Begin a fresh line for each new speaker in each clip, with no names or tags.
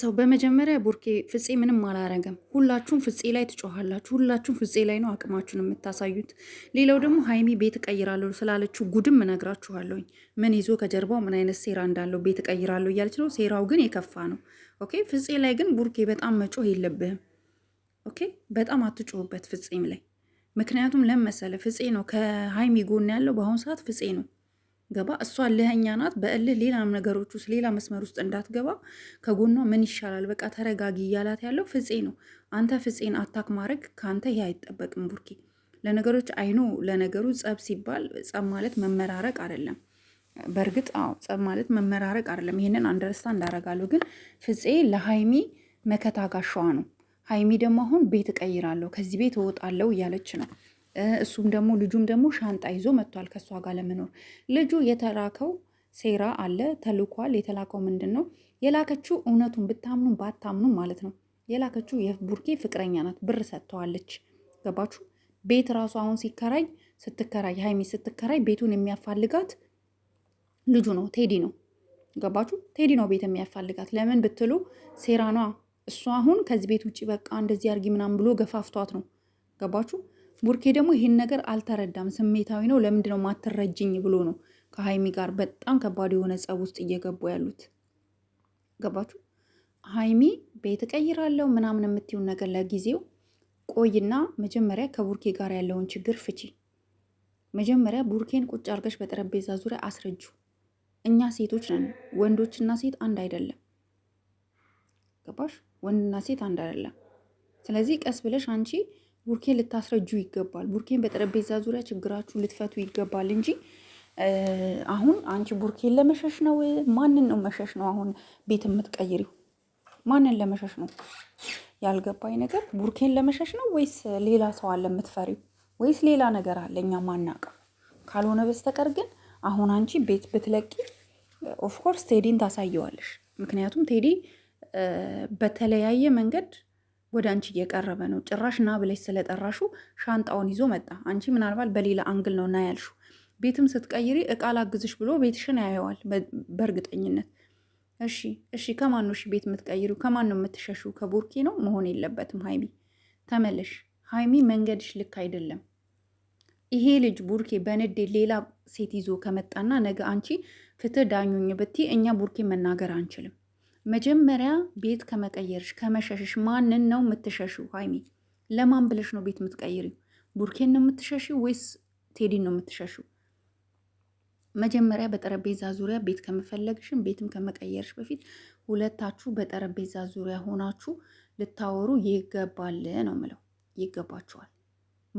ሰው በመጀመሪያ ቡርኬ ፍፄ ምንም አላረገም። ሁላችሁም ፍፄ ላይ ትጮኋላችሁ። ሁላችሁም ፍፄ ላይ ነው አቅማችሁን የምታሳዩት። ሌላው ደግሞ ሀይሚ ቤት እቀይራለሁ ስላለችው ጉድም እነግራችኋለሁኝ። ምን ይዞ ከጀርባው ምን አይነት ሴራ እንዳለው ቤት እቀይራለሁ እያለች ነው። ሴራው ግን የከፋ ነው። ኦኬ ፍፄ ላይ ግን ቡርኬ በጣም መጮህ የለብህም። ኦኬ በጣም አትጮሁበት ፍፄም ላይ ምክንያቱም ለመሰለ ፍፄ ነው ከሀይሚ ጎን ያለው በአሁኑ ሰዓት ፍፄ ነው። ገባ እሷ ልህኛ ናት። በእልህ ሌላ ነገሮች ውስጥ ሌላ መስመር ውስጥ እንዳትገባ ከጎኗ ምን ይሻላል በቃ ተረጋጊ እያላት ያለው ፍፄ ነው። አንተ ፍፄን አታክ ማድረግ ከአንተ ይህ አይጠበቅም ቡርኪ ለነገሮች አይኖ ለነገሩ ጸብ ሲባል ጸብ ማለት መመራረቅ አይደለም። በእርግጥ አዎ ጸብ ማለት መመራረቅ አይደለም። ይህንን አንደርስታ እንዳረጋሉ ግን ፍፄ ለሀይሚ መከታ ጋሻዋ ነው። ሀይሚ ደግሞ አሁን ቤት እቀይራለሁ ከዚህ ቤት እወጣለሁ እያለች ነው እሱም ደግሞ ልጁም ደግሞ ሻንጣ ይዞ መጥቷል ከእሷ ጋር ለመኖር። ልጁ የተላከው ሴራ አለ ተልኳል። የተላከው ምንድን ነው የላከችው? እውነቱን ብታምኑም ባታምኑም ማለት ነው የላከችው የቡርኬ ፍቅረኛ ናት። ብር ሰጥተዋለች። ገባችሁ? ቤት ራሱ አሁን ሲከራይ ስትከራይ ሀይሚ ስትከራይ ቤቱን የሚያፋልጋት ልጁ ነው፣ ቴዲ ነው። ገባችሁ? ቴዲ ነው ቤት የሚያፋልጋት። ለምን ብትሉ ሴራ ነዋ። እሷ አሁን ከዚህ ቤት ውጭ በቃ እንደዚህ አርጊ ምናምን ብሎ ገፋፍቷት ነው። ገባችሁ? ቡርኬ ደግሞ ይህን ነገር አልተረዳም። ስሜታዊ ነው። ለምንድን ነው ማትረጅኝ ብሎ ነው ከሀይሚ ጋር በጣም ከባድ የሆነ ጸብ ውስጥ እየገቡ ያሉት። ገባችሁ? ሀይሚ ቤት እቀይራለሁ ምናምን የምትይውን ነገር ለጊዜው ቆይና መጀመሪያ ከቡርኬ ጋር ያለውን ችግር ፍቺ። መጀመሪያ ቡርኬን ቁጭ አርገሽ በጠረጴዛ ዙሪያ አስረጁ። እኛ ሴቶች ነን። ወንዶችና ሴት አንድ አይደለም። ገባሽ? ወንድና ሴት አንድ አይደለም። ስለዚህ ቀስ ብለሽ አንቺ ቡርኬን ልታስረጁ ይገባል። ቡርኬን በጠረጴዛ ዙሪያ ችግራችሁ ልትፈቱ ይገባል እንጂ አሁን አንቺ ቡርኬን ለመሸሽ ነው። ማንን ነው መሸሽ ነው? አሁን ቤት የምትቀይሪው ማንን ለመሸሽ ነው? ያልገባኝ ነገር ቡርኬን ለመሸሽ ነው ወይስ ሌላ ሰው አለ የምትፈሪው? ወይስ ሌላ ነገር አለ እኛ ማናውቀው? ካልሆነ በስተቀር ግን አሁን አንቺ ቤት ብትለቂ ኦፍኮርስ ቴዲን ታሳየዋለሽ። ምክንያቱም ቴዲ በተለያየ መንገድ ወደ አንቺ እየቀረበ ነው። ጭራሽ ና ብለሽ ስለጠራሹ ሻንጣውን ይዞ መጣ። አንቺ ምናልባት በሌላ አንግል ነው ና ያልሹ። ቤትም ስትቀይሪ እቃ ላግዝሽ ብሎ ቤትሽን ያየዋል በእርግጠኝነት። እሺ እሺ፣ ከማን ነው ቤት የምትቀይሪው? ከማን ነው የምትሸሹ? ከቡርኪ ነው መሆን የለበትም። ሀይሚ ተመለሽ ሀይሚ፣ መንገድሽ ልክ አይደለም። ይሄ ልጅ ቡርኬ በንዴ ሌላ ሴት ይዞ ከመጣና ነገ አንቺ ፍትህ ዳኙኝ ብቲ እኛ ቡርኬ መናገር አንችልም። መጀመሪያ ቤት ከመቀየርሽ ከመሸሽሽ፣ ማንን ነው የምትሸሽው? ሀይሚ ለማን ብለሽ ነው ቤት የምትቀይሪው? ቡርኬን ነው የምትሸሽው ወይስ ቴዲን ነው የምትሸሽው? መጀመሪያ በጠረጴዛ ዙሪያ ቤት ከመፈለግሽም ቤትም ከመቀየርሽ በፊት ሁለታችሁ በጠረጴዛ ዙሪያ ሆናችሁ ልታወሩ ይገባል ነው ምለው። ይገባችኋል፣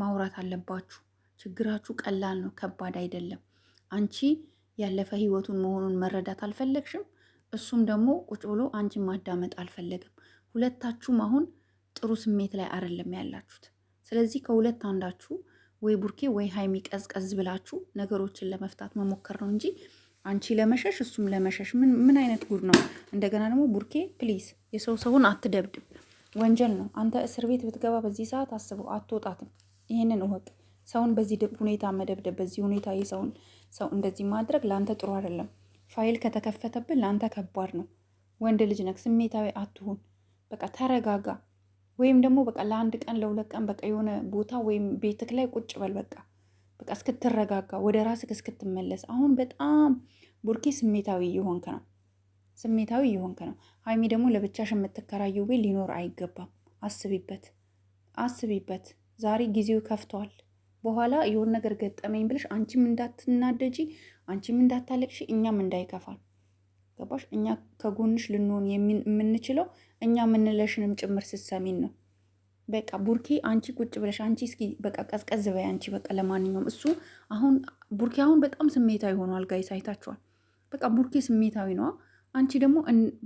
ማውራት አለባችሁ። ችግራችሁ ቀላል ነው፣ ከባድ አይደለም። አንቺ ያለፈ ህይወቱን መሆኑን መረዳት አልፈለግሽም እሱም ደግሞ ቁጭ ብሎ አንቺን ማዳመጥ አልፈለግም። ሁለታችሁም አሁን ጥሩ ስሜት ላይ አይደለም ያላችሁት። ስለዚህ ከሁለት አንዳችሁ ወይ ቡርኬ ወይ ሀይሚ ቀዝቀዝ ብላችሁ ነገሮችን ለመፍታት መሞከር ነው እንጂ አንቺ ለመሸሽ እሱም ለመሸሽ ምን አይነት ጉድ ነው? እንደገና ደግሞ ቡርኬ ፕሊዝ የሰው ሰውን አትደብድብ፣ ወንጀል ነው። አንተ እስር ቤት ብትገባ በዚህ ሰዓት አስበው አትወጣትም። ይህንን እወቅ። ሰውን በዚህ ሁኔታ መደብደብ፣ በዚህ ሁኔታ የሰውን ሰው እንደዚህ ማድረግ ለአንተ ጥሩ አይደለም። ፋይል ከተከፈተብን ለአንተ ከባድ ነው። ወንድ ልጅ ነክ፣ ስሜታዊ አትሁን። በቃ ተረጋጋ። ወይም ደግሞ በቃ ለአንድ ቀን ለሁለት ቀን በቃ የሆነ ቦታ ወይም ቤትክ ላይ ቁጭ በል በቃ በቃ እስክትረጋጋ ወደ ራስክ እስክትመለስ። አሁን በጣም ቡርኬ ስሜታዊ እየሆንክ ነው፣ ስሜታዊ እየሆንክ ነው። ሀይሚ ደግሞ ለብቻሽ የምትከራየው ቤት ሊኖር አይገባም። አስቢበት፣ አስቢበት። ዛሬ ጊዜው ከፍቷል። በኋላ የሆን ነገር ገጠመኝ ብለሽ አንቺም እንዳትናደጂ አንቺም እንዳታለቅሽ እኛም እንዳይከፋል ገባሽ? እኛ ከጎንሽ ልንሆን የምንችለው እኛ የምንለሽንም ጭምር ስትሰሚን ነው። በቃ ቡርኬ አንቺ ቁጭ ብለሽ አንቺ እስኪ በቃ ቀዝቀዝ በይ አንቺ በቃ ለማንኛውም እሱ አሁን ቡርኬ አሁን በጣም ስሜታዊ ሆኗል። ጋይስ አይታችኋል። በቃ ቡርኬ ስሜታዊ ነዋ። አንቺ ደግሞ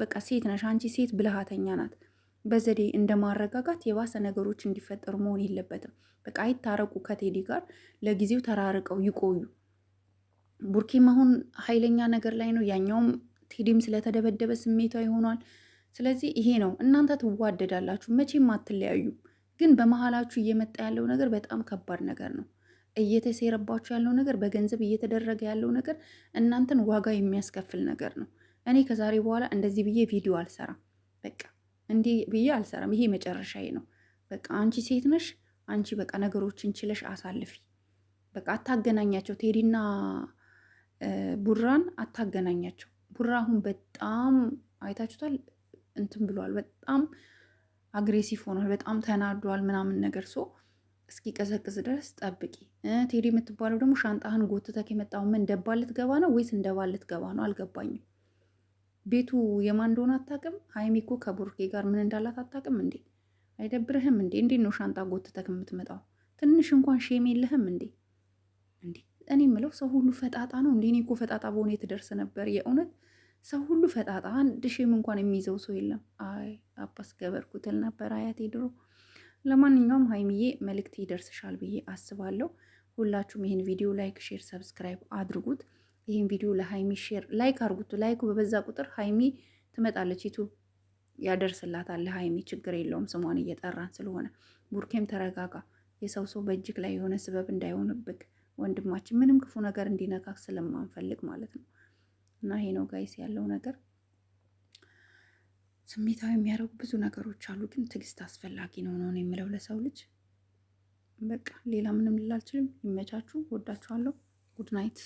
በቃ ሴት ነሽ። አንቺ ሴት ብልሃተኛ ናት። በዘዴ እንደ ማረጋጋት የባሰ ነገሮች እንዲፈጠሩ መሆን የለበትም። በቃ አይታረቁ ከቴዲ ጋር ለጊዜው ተራርቀው ይቆዩ። ቡርኬም አሁን ኃይለኛ ነገር ላይ ነው። ያኛውም ቴዲም ስለተደበደበ ስሜቷ ይሆኗል። ስለዚህ ይሄ ነው እናንተ ትዋደዳላችሁ፣ መቼም አትለያዩም። ግን በመሀላችሁ እየመጣ ያለው ነገር በጣም ከባድ ነገር ነው። እየተሴረባችሁ ያለው ነገር፣ በገንዘብ እየተደረገ ያለው ነገር እናንተን ዋጋ የሚያስከፍል ነገር ነው። እኔ ከዛሬ በኋላ እንደዚህ ብዬ ቪዲዮ አልሰራም። በቃ እንዲህ ብዬ አልሰራም። ይሄ መጨረሻዬ ነው። በቃ አንቺ ሴት ነሽ። አንቺ በቃ ነገሮችን ችለሽ አሳልፊ። በቃ አታገናኛቸው ቴዲና ቡራን አታገናኛቸው። ቡራ አሁን በጣም አይታችሁታል፣ እንትን ብሏል፣ በጣም አግሬሲቭ ሆኗል፣ በጣም ተናዷል ምናምን ነገር ሶ ቀዘቅዝ ድረስ ጠብቂ። ቴዲ የምትባለው ደግሞ ሻንጣህን ጎትተክ የመጣው ምን ደባ ልትገባ ነው ወይስ እንደ ገባ ልትገባ ነው? አልገባኝም። ቤቱ የማን እንደሆነ አታውቅም። ሀይሚ እኮ ከቡርኬ ጋር ምን እንዳላት አታውቅም እንዴ? አይደብርህም እንዴ? እንዴት ነው ሻንጣ ጎትተክ የምትመጣው? ትንሽ እንኳን ሼም የለህም እንዴ? እንዴ እኔ የምለው ሰው ሁሉ ፈጣጣ ነው እንዴ? እኔ እኮ ፈጣጣ በሆነ የተደርሰ ነበር። የእውነት ሰው ሁሉ ፈጣጣ፣ አንድ ሺህም እንኳን የሚይዘው ሰው የለም። አይ አባስ ገበርኩ ነበር አያቴ ድሮ። ለማንኛውም ሀይሚዬ መልእክት ይደርስሻል ብዬ አስባለሁ። ሁላችሁም ይህን ቪዲዮ ላይክ፣ ሼር፣ ሰብስክራይብ አድርጉት። ይህን ቪዲዮ ለሀይሚ ሼር ላይክ አድርጉት። ላይኩ በበዛ ቁጥር ሀይሚ ትመጣለች ዩቱብ ያደርስላታል። ለሀይሚ ችግር የለውም ስሟን እየጠራን ስለሆነ። ቡርኬም ተረጋጋ። የሰው ሰው በእጅግ ላይ የሆነ ስበብ እንዳይሆንብክ ወንድማችን ምንም ክፉ ነገር እንዲነካ ስለማንፈልግ ማለት ነው። እና ይሄ ነው ጋይስ ያለው ነገር። ስሜታዊ የሚያደርጉ ብዙ ነገሮች አሉ፣ ግን ትዕግስት አስፈላጊ ነው ነው የምለው ለሰው ልጅ። በቃ ሌላ ምንም ልል አልችልም። ይመቻችሁ። ወዳችኋለሁ። ጉድ ናይት